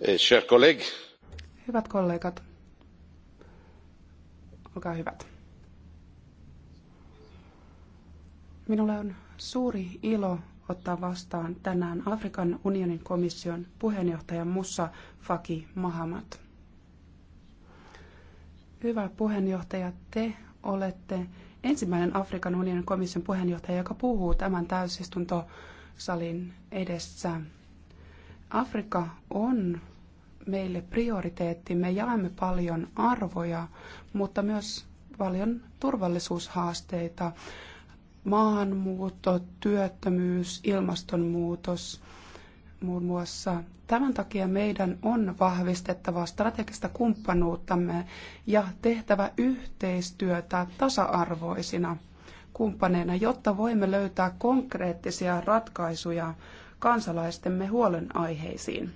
Eh, chers collègues. Hyvät kollegat, olkaa hyvät. Minulle on suuri ilo ottaa vastaan tänään Afrikan unionin komission puheenjohtaja Musa Faki Mahamat. Hyvä puheenjohtaja, te olette ensimmäinen Afrikan unionin komission puheenjohtaja, joka puhuu tämän täysistuntosalin edessä. Afrikka on meille prioriteetti. Me jaamme paljon arvoja, mutta myös paljon turvallisuushaasteita. Maahanmuutto, työttömyys, ilmastonmuutos – muun muassa. Tämän takia meidän on vahvistettava strategista kumppanuuttamme ja tehtävä yhteistyötä tasa-arvoisina kumppaneina, jotta voimme löytää konkreettisia ratkaisuja kansalaistemme huolenaiheisiin.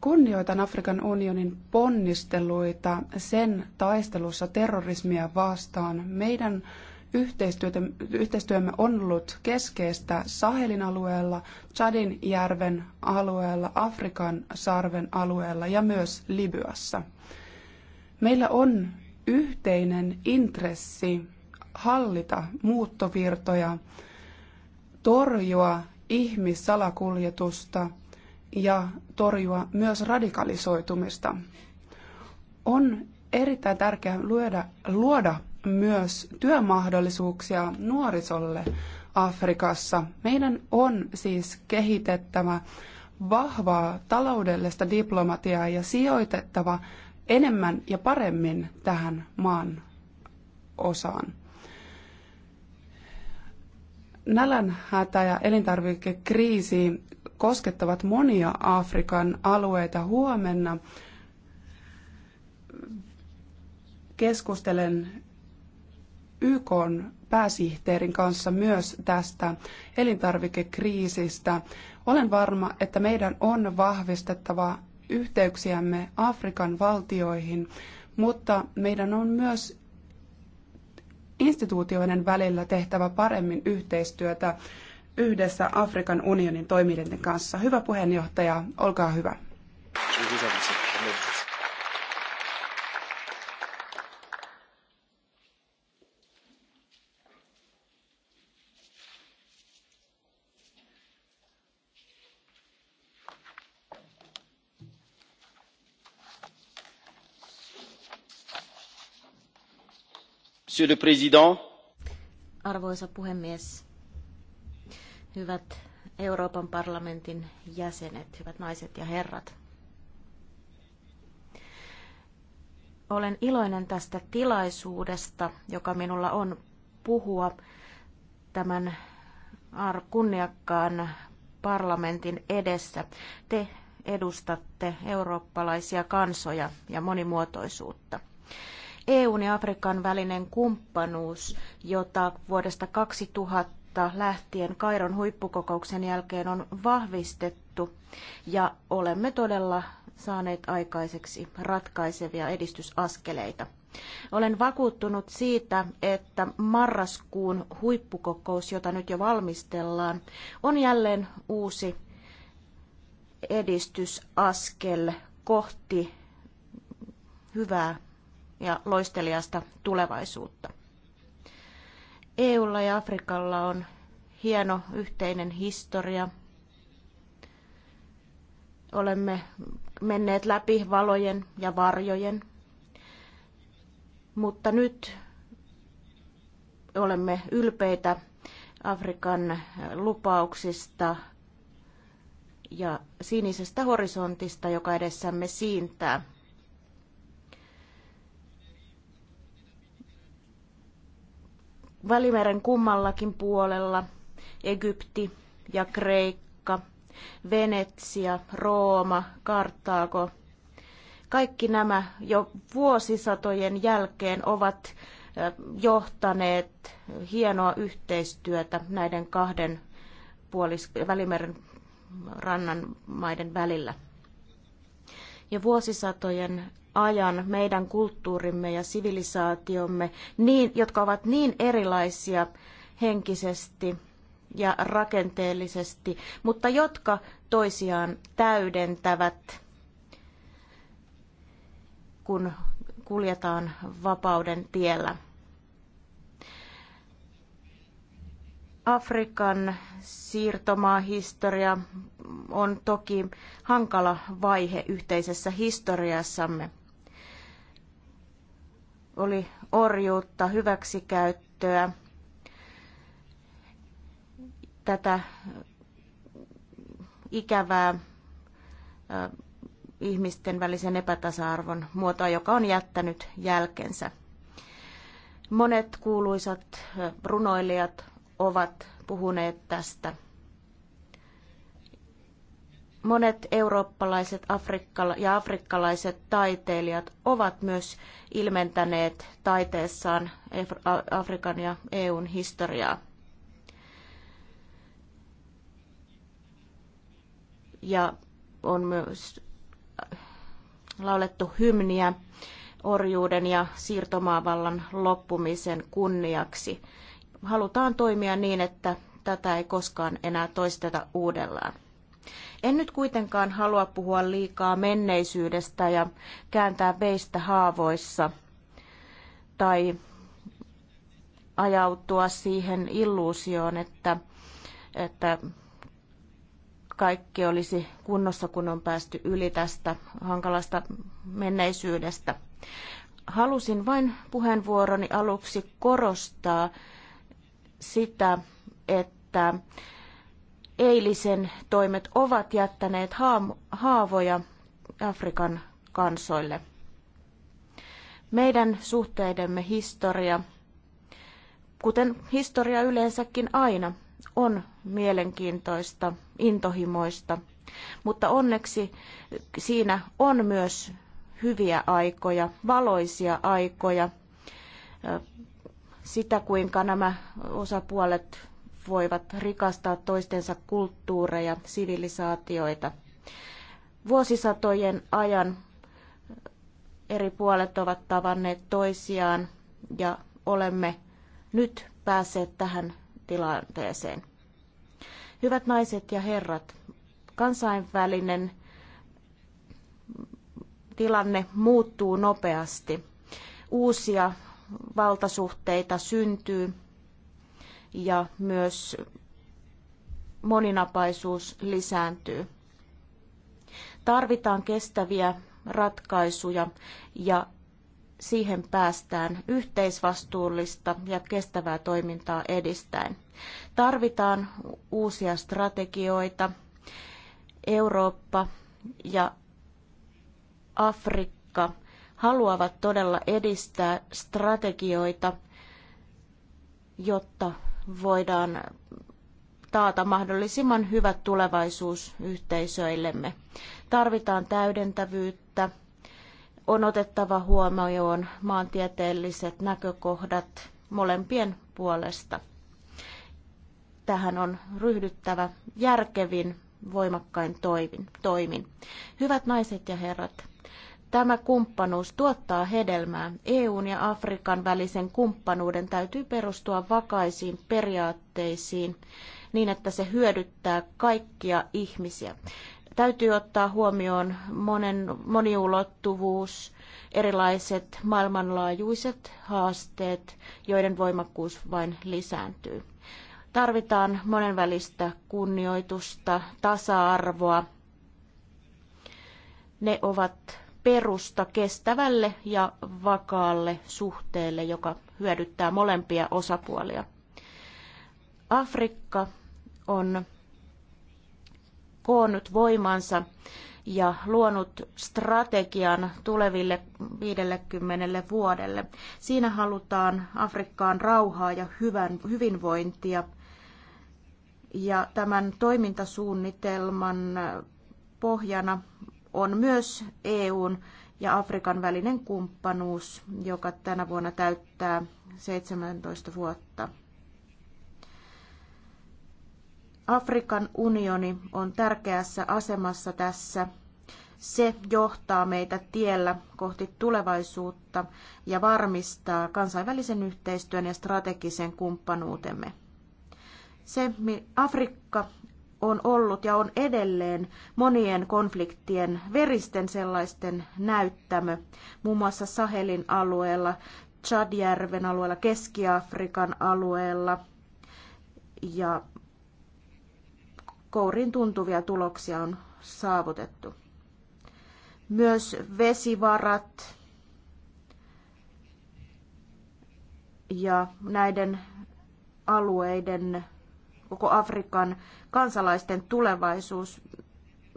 Kunnioitan Afrikan unionin ponnisteluita sen taistelussa terrorismia vastaan. Meidän yhteistyömme on ollut keskeistä Sahelin alueella, Chadin järven alueella, Afrikan sarven alueella ja myös Libyassa. Meillä on yhteinen intressi hallita muuttovirtoja, torjua ihmissalakuljetusta ja torjua myös radikalisoitumista. On erittäin tärkeää luoda, luoda myös työmahdollisuuksia nuorisolle Afrikassa. Meidän on siis kehitettävä vahvaa taloudellista diplomatiaa ja sijoitettava enemmän ja paremmin tähän maan osaan. Nälänhätä ja elintarvikekriisi koskettavat monia Afrikan alueita huomenna. Keskustelen YK pääsihteerin kanssa myös tästä elintarvikekriisistä. Olen varma, että meidän on vahvistettava yhteyksiämme Afrikan valtioihin, mutta meidän on myös instituutioiden välillä tehtävä paremmin yhteistyötä yhdessä Afrikan unionin toimijoiden kanssa. Hyvä puheenjohtaja, olkaa hyvä. Kiitos. Monsieur le Président. Arvoisa puhemies, hyvät Euroopan parlamentin jäsenet, hyvät naiset ja herrat. Olen iloinen tästä tilaisuudesta, joka minulla on puhua tämän kunniakkaan parlamentin edessä. Te edustatte eurooppalaisia kansoja ja monimuotoisuutta. EUn ja Afrikan välinen kumppanuus, jota vuodesta 2000 lähtien Kairon huippukokouksen jälkeen on vahvistettu ja olemme todella saaneet aikaiseksi ratkaisevia edistysaskeleita. Olen vakuuttunut siitä, että marraskuun huippukokous, jota nyt jo valmistellaan, on jälleen uusi edistysaskel kohti hyvää ja loisteliasta tulevaisuutta. EUlla ja Afrikalla on hieno yhteinen historia. Olemme menneet läpi valojen ja varjojen, mutta nyt olemme ylpeitä Afrikan lupauksista ja sinisestä horisontista, joka edessämme siintää. Välimeren kummallakin puolella, Egypti ja Kreikka, Venetsia, Rooma, Kartaako, kaikki nämä jo vuosisatojen jälkeen ovat johtaneet hienoa yhteistyötä näiden kahden puolis- Välimeren rannan maiden välillä. Ja vuosisatojen ajan meidän kulttuurimme ja sivilisaatiomme, niin, jotka ovat niin erilaisia henkisesti ja rakenteellisesti, mutta jotka toisiaan täydentävät, kun kuljetaan vapauden tiellä. Afrikan siirtomaahistoria on toki hankala vaihe yhteisessä historiassamme oli orjuutta, hyväksikäyttöä. Tätä ikävää ihmisten välisen epätasa-arvon muotoa, joka on jättänyt jälkensä. Monet kuuluisat runoilijat ovat puhuneet tästä Monet eurooppalaiset afrikkala- ja afrikkalaiset taiteilijat ovat myös ilmentäneet taiteessaan Afrikan ja EUn historiaa. Ja on myös laulettu hymniä orjuuden ja siirtomaavallan loppumisen kunniaksi. Halutaan toimia niin, että tätä ei koskaan enää toisteta uudellaan. En nyt kuitenkaan halua puhua liikaa menneisyydestä ja kääntää veistä haavoissa tai ajautua siihen illuusioon, että, että kaikki olisi kunnossa, kun on päästy yli tästä hankalasta menneisyydestä. Halusin vain puheenvuoroni aluksi korostaa sitä, että eilisen toimet ovat jättäneet haavoja Afrikan kansoille. Meidän suhteidemme historia, kuten historia yleensäkin aina, on mielenkiintoista, intohimoista, mutta onneksi siinä on myös hyviä aikoja, valoisia aikoja, sitä kuinka nämä osapuolet voivat rikastaa toistensa kulttuureja, sivilisaatioita. Vuosisatojen ajan eri puolet ovat tavanneet toisiaan ja olemme nyt päässeet tähän tilanteeseen. Hyvät naiset ja herrat, kansainvälinen tilanne muuttuu nopeasti. Uusia valtasuhteita syntyy ja myös moninapaisuus lisääntyy. Tarvitaan kestäviä ratkaisuja ja siihen päästään yhteisvastuullista ja kestävää toimintaa edistäen. Tarvitaan uusia strategioita. Eurooppa ja Afrikka haluavat todella edistää strategioita, jotta voidaan taata mahdollisimman hyvä tulevaisuus yhteisöillemme. Tarvitaan täydentävyyttä, on otettava huomioon maantieteelliset näkökohdat molempien puolesta. Tähän on ryhdyttävä järkevin, voimakkain toimin. Hyvät naiset ja herrat, Tämä kumppanuus tuottaa hedelmää. EUn ja Afrikan välisen kumppanuuden täytyy perustua vakaisiin periaatteisiin niin, että se hyödyttää kaikkia ihmisiä. Täytyy ottaa huomioon monen, moniulottuvuus, erilaiset maailmanlaajuiset haasteet, joiden voimakkuus vain lisääntyy. Tarvitaan monenvälistä kunnioitusta, tasa-arvoa. Ne ovat perusta kestävälle ja vakaalle suhteelle, joka hyödyttää molempia osapuolia. Afrikka on koonnut voimansa ja luonut strategian tuleville 50 vuodelle. Siinä halutaan Afrikkaan rauhaa ja hyvän, hyvinvointia. Ja tämän toimintasuunnitelman pohjana on myös EUn ja Afrikan välinen kumppanuus, joka tänä vuonna täyttää 17 vuotta. Afrikan unioni on tärkeässä asemassa tässä. Se johtaa meitä tiellä kohti tulevaisuutta ja varmistaa kansainvälisen yhteistyön ja strategisen kumppanuutemme. Se, Afrikka on ollut ja on edelleen monien konfliktien, veristen sellaisten näyttämö, muun muassa Sahelin alueella, Chadjärven alueella, Keski-Afrikan alueella ja kourin tuntuvia tuloksia on saavutettu. Myös vesivarat ja näiden alueiden koko Afrikan kansalaisten tulevaisuus,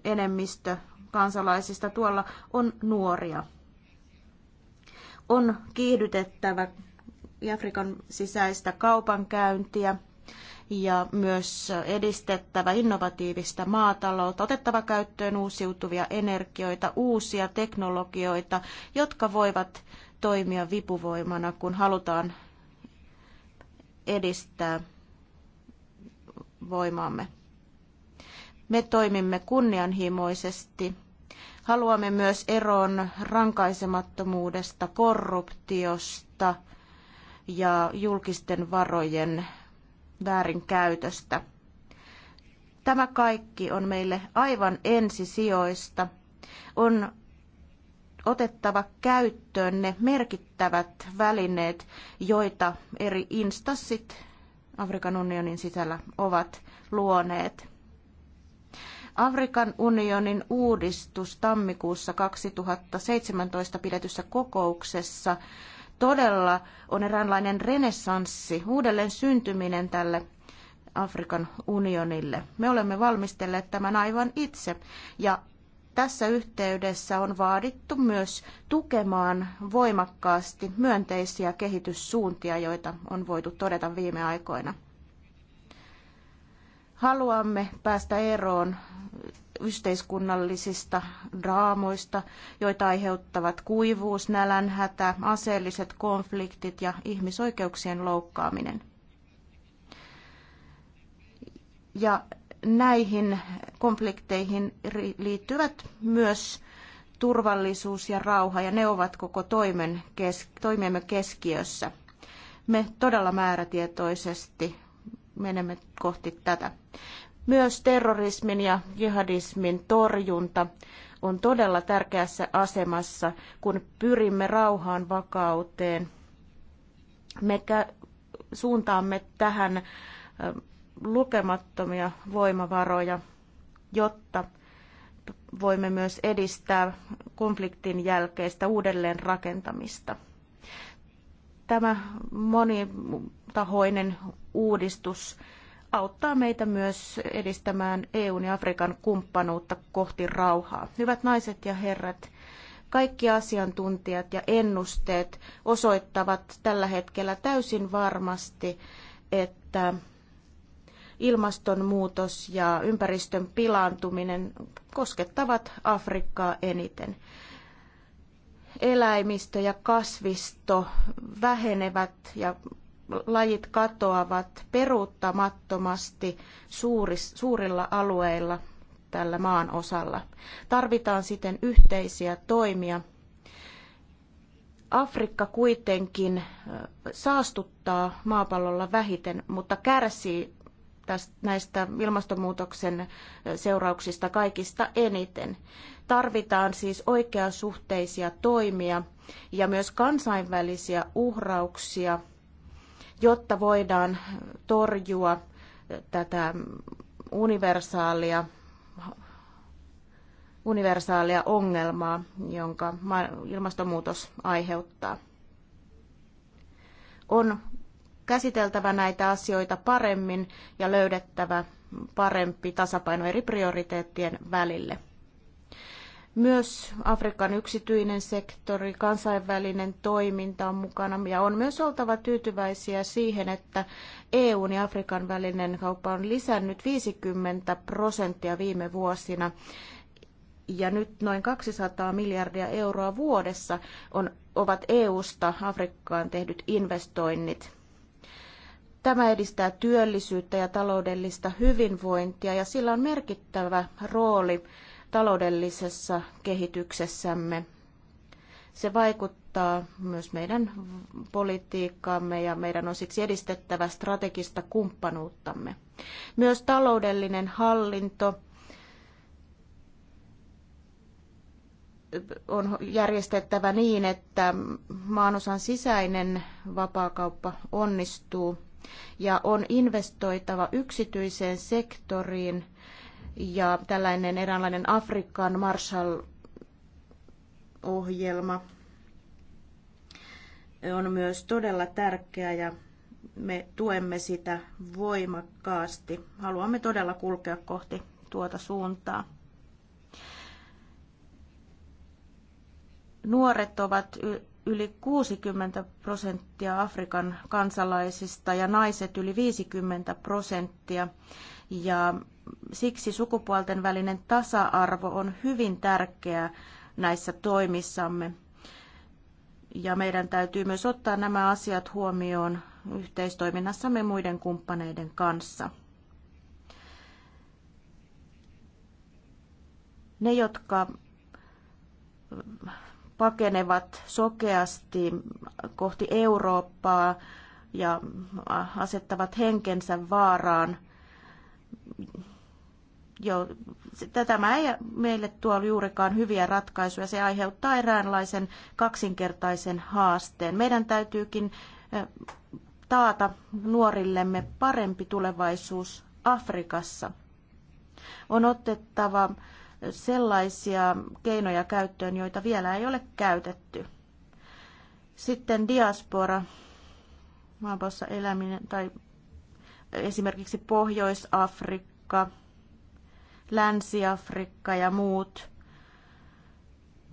enemmistö kansalaisista tuolla on nuoria. On kiihdytettävä Afrikan sisäistä kaupankäyntiä ja myös edistettävä innovatiivista maataloutta, otettava käyttöön uusiutuvia energioita, uusia teknologioita, jotka voivat toimia vipuvoimana, kun halutaan edistää voimaamme. Me toimimme kunnianhimoisesti. Haluamme myös eroon rankaisemattomuudesta, korruptiosta ja julkisten varojen väärinkäytöstä. Tämä kaikki on meille aivan ensisijoista. On otettava käyttöön ne merkittävät välineet, joita eri instanssit Afrikan unionin sisällä ovat luoneet. Afrikan unionin uudistus tammikuussa 2017 pidetyssä kokouksessa todella on eräänlainen renessanssi, uudelleen syntyminen tälle Afrikan unionille. Me olemme valmistelleet tämän aivan itse ja tässä yhteydessä on vaadittu myös tukemaan voimakkaasti myönteisiä kehityssuuntia, joita on voitu todeta viime aikoina. Haluamme päästä eroon yhteiskunnallisista draamoista, joita aiheuttavat kuivuus, nälänhätä, aseelliset konfliktit ja ihmisoikeuksien loukkaaminen. Ja näihin konflikteihin liittyvät myös turvallisuus ja rauha, ja ne ovat koko toimen kes, toimemme keskiössä. Me todella määrätietoisesti menemme kohti tätä. Myös terrorismin ja jihadismin torjunta on todella tärkeässä asemassa, kun pyrimme rauhaan, vakauteen. Me suuntaamme tähän lukemattomia voimavaroja, jotta voimme myös edistää konfliktin jälkeistä uudelleenrakentamista. Tämä monitahoinen uudistus auttaa meitä myös edistämään EUn ja Afrikan kumppanuutta kohti rauhaa. Hyvät naiset ja herrat, kaikki asiantuntijat ja ennusteet osoittavat tällä hetkellä täysin varmasti, että ilmastonmuutos ja ympäristön pilaantuminen koskettavat Afrikkaa eniten. Eläimistö ja kasvisto vähenevät ja lajit katoavat peruuttamattomasti suuris, suurilla alueilla tällä maan osalla. Tarvitaan siten yhteisiä toimia. Afrikka kuitenkin saastuttaa maapallolla vähiten, mutta kärsii tästä, näistä ilmastonmuutoksen seurauksista kaikista eniten. Tarvitaan siis oikeasuhteisia toimia ja myös kansainvälisiä uhrauksia, jotta voidaan torjua tätä universaalia universaalia ongelmaa, jonka ilmastonmuutos aiheuttaa. On käsiteltävä näitä asioita paremmin ja löydettävä parempi tasapaino eri prioriteettien välille. Myös Afrikan yksityinen sektori, kansainvälinen toiminta on mukana ja on myös oltava tyytyväisiä siihen, että EUn ja Afrikan välinen kauppa on lisännyt 50 prosenttia viime vuosina ja nyt noin 200 miljardia euroa vuodessa on, ovat EUsta Afrikkaan tehdyt investoinnit. Tämä edistää työllisyyttä ja taloudellista hyvinvointia ja sillä on merkittävä rooli taloudellisessa kehityksessämme. Se vaikuttaa myös meidän politiikkaamme ja meidän on siksi edistettävä strategista kumppanuuttamme. Myös taloudellinen hallinto on järjestettävä niin, että maanosan sisäinen vapaakauppa onnistuu ja on investoitava yksityiseen sektoriin ja tällainen eräänlainen Afrikan Marshall-ohjelma on myös todella tärkeä ja me tuemme sitä voimakkaasti. Haluamme todella kulkea kohti tuota suuntaa. Nuoret ovat yli 60 prosenttia Afrikan kansalaisista ja naiset yli 50 prosenttia. Ja siksi sukupuolten välinen tasa-arvo on hyvin tärkeää näissä toimissamme. Ja meidän täytyy myös ottaa nämä asiat huomioon yhteistoiminnassamme muiden kumppaneiden kanssa. Ne, jotka pakenevat sokeasti kohti Eurooppaa ja asettavat henkensä vaaraan. Jo, tämä ei meille tuo juurikaan hyviä ratkaisuja. Se aiheuttaa eräänlaisen kaksinkertaisen haasteen. Meidän täytyykin eh, taata nuorillemme parempi tulevaisuus Afrikassa. On otettava sellaisia keinoja käyttöön, joita vielä ei ole käytetty. Sitten diaspora, maapossa eläminen tai esimerkiksi Pohjois-Afrikka, Länsi-Afrikka ja muut.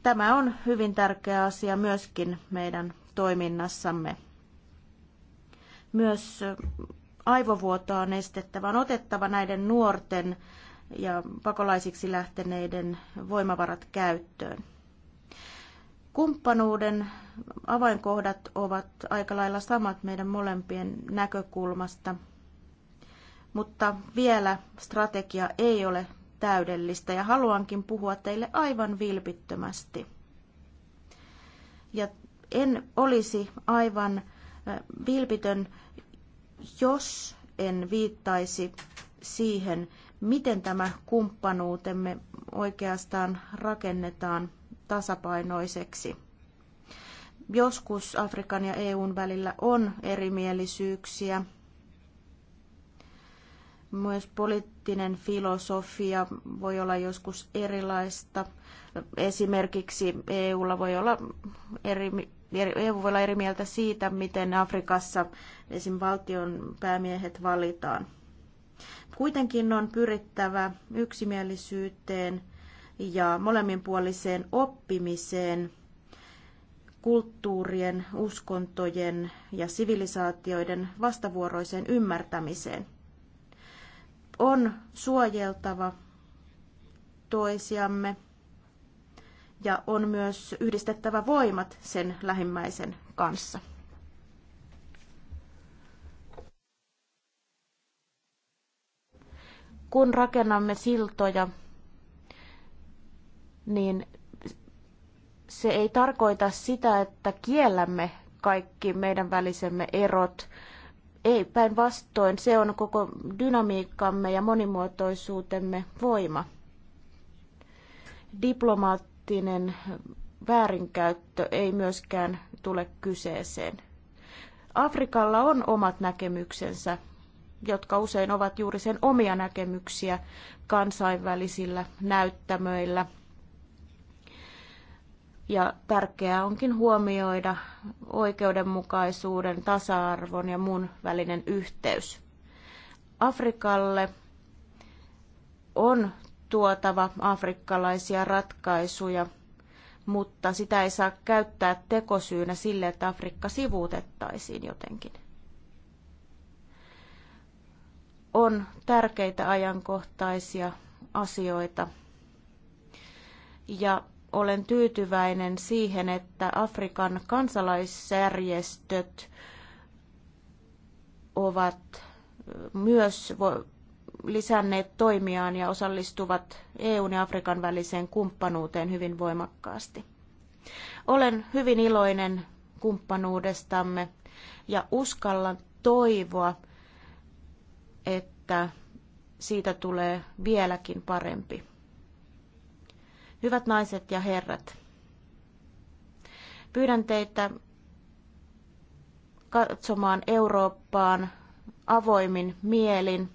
Tämä on hyvin tärkeä asia myöskin meidän toiminnassamme. Myös aivovuotoa on estettävä, on otettava näiden nuorten ja pakolaisiksi lähteneiden voimavarat käyttöön. Kumppanuuden avainkohdat ovat aika lailla samat meidän molempien näkökulmasta, mutta vielä strategia ei ole täydellistä ja haluankin puhua teille aivan vilpittömästi. Ja en olisi aivan vilpitön, jos en viittaisi siihen, miten tämä kumppanuutemme oikeastaan rakennetaan tasapainoiseksi. Joskus Afrikan ja EUn välillä on erimielisyyksiä. Myös poliittinen filosofia voi olla joskus erilaista. Esimerkiksi EUlla voi olla eri, EU voi olla eri mieltä siitä, miten Afrikassa esim. valtion päämiehet valitaan. Kuitenkin on pyrittävä yksimielisyyteen ja molemminpuoliseen oppimiseen kulttuurien, uskontojen ja sivilisaatioiden vastavuoroiseen ymmärtämiseen. On suojeltava toisiamme ja on myös yhdistettävä voimat sen lähimmäisen kanssa. kun rakennamme siltoja, niin se ei tarkoita sitä, että kiellämme kaikki meidän välisemme erot. Ei, päinvastoin se on koko dynamiikkamme ja monimuotoisuutemme voima. Diplomaattinen väärinkäyttö ei myöskään tule kyseeseen. Afrikalla on omat näkemyksensä jotka usein ovat juuri sen omia näkemyksiä kansainvälisillä näyttämöillä. Ja tärkeää onkin huomioida oikeudenmukaisuuden, tasa-arvon ja muun välinen yhteys. Afrikalle on tuotava afrikkalaisia ratkaisuja, mutta sitä ei saa käyttää tekosyynä sille, että Afrikka sivuutettaisiin jotenkin. on tärkeitä ajankohtaisia asioita. Ja olen tyytyväinen siihen, että Afrikan kansalaisjärjestöt ovat myös lisänneet toimiaan ja osallistuvat EUn ja Afrikan väliseen kumppanuuteen hyvin voimakkaasti. Olen hyvin iloinen kumppanuudestamme ja uskallan toivoa, että siitä tulee vieläkin parempi. Hyvät naiset ja herrat, pyydän teitä katsomaan Eurooppaan avoimin mielin.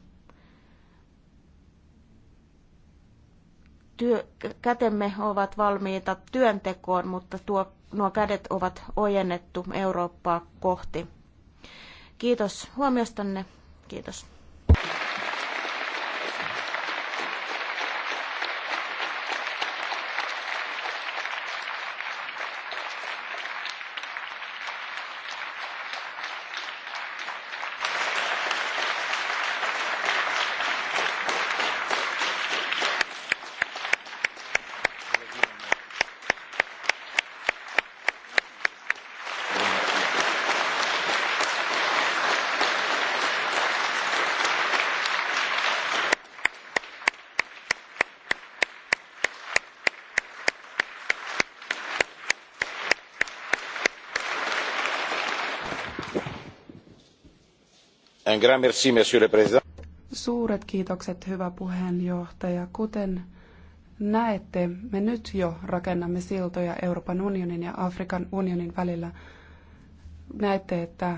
Työ, kätemme ovat valmiita työntekoon, mutta tuo, nuo kädet ovat ojennettu Eurooppaa kohti. Kiitos huomiostanne. Kiitos. Merci, monsieur le président. Suuret kiitokset, hyvä puheenjohtaja. Kuten näette, me nyt jo rakennamme siltoja Euroopan unionin ja Afrikan unionin välillä. Näette, että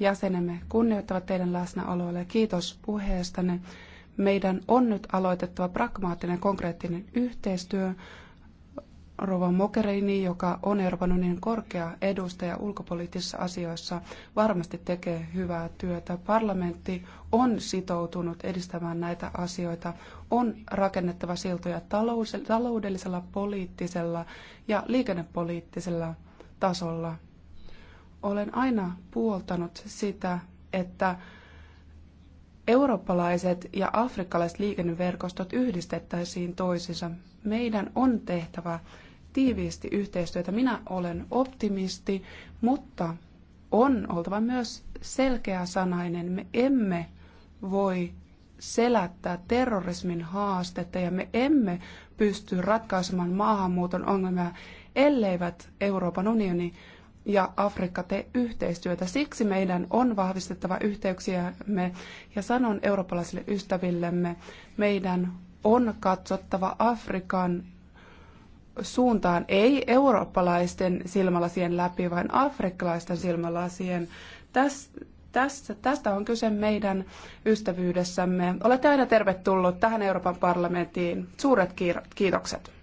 jäsenemme kunnioittavat teidän läsnäoloa ja kiitos puheestanne. Meidän on nyt aloitettava pragmaattinen konkreettinen yhteistyö, Rova Mogherini, joka on Euroopan unionin korkea edustaja ulkopoliittisissa asioissa, varmasti tekee hyvää työtä. Parlamentti on sitoutunut edistämään näitä asioita. On rakennettava siltoja taloudellisella, poliittisella ja liikennepoliittisella tasolla. Olen aina puoltanut sitä, että eurooppalaiset ja afrikkalaiset liikenneverkostot yhdistettäisiin toisiinsa. Meidän on tehtävä tiiviisti yhteistyötä. Minä olen optimisti, mutta on oltava myös selkeä sanainen. Me emme voi selättää terrorismin haastetta ja me emme pysty ratkaisemaan maahanmuuton ongelmia, elleivät Euroopan unioni ja Afrikka tee yhteistyötä. Siksi meidän on vahvistettava yhteyksiämme ja sanon eurooppalaisille ystävillemme, meidän on katsottava Afrikan suuntaan, ei eurooppalaisten silmälasien läpi, vaan afrikkalaisten silmälasien. Täs, tässä, tästä on kyse meidän ystävyydessämme. Olette aina tervetullut tähän Euroopan parlamenttiin. Suuret kiitokset.